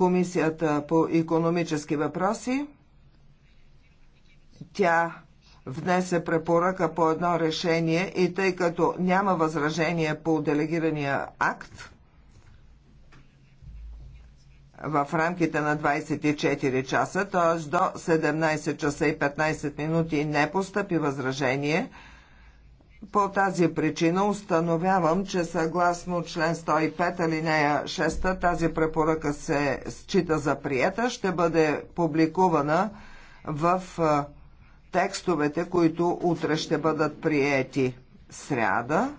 Комисията по економически въпроси. Тя внесе препоръка по едно решение и тъй като няма възражение по делегирания акт, в рамките на 24 часа, т.е. до 17 часа и 15 минути не постъпи възражение, по тази причина установявам, че съгласно член 105 алинея 6 тази препоръка се счита за приета, ще бъде публикувана в текстовете, които утре ще бъдат приети сряда.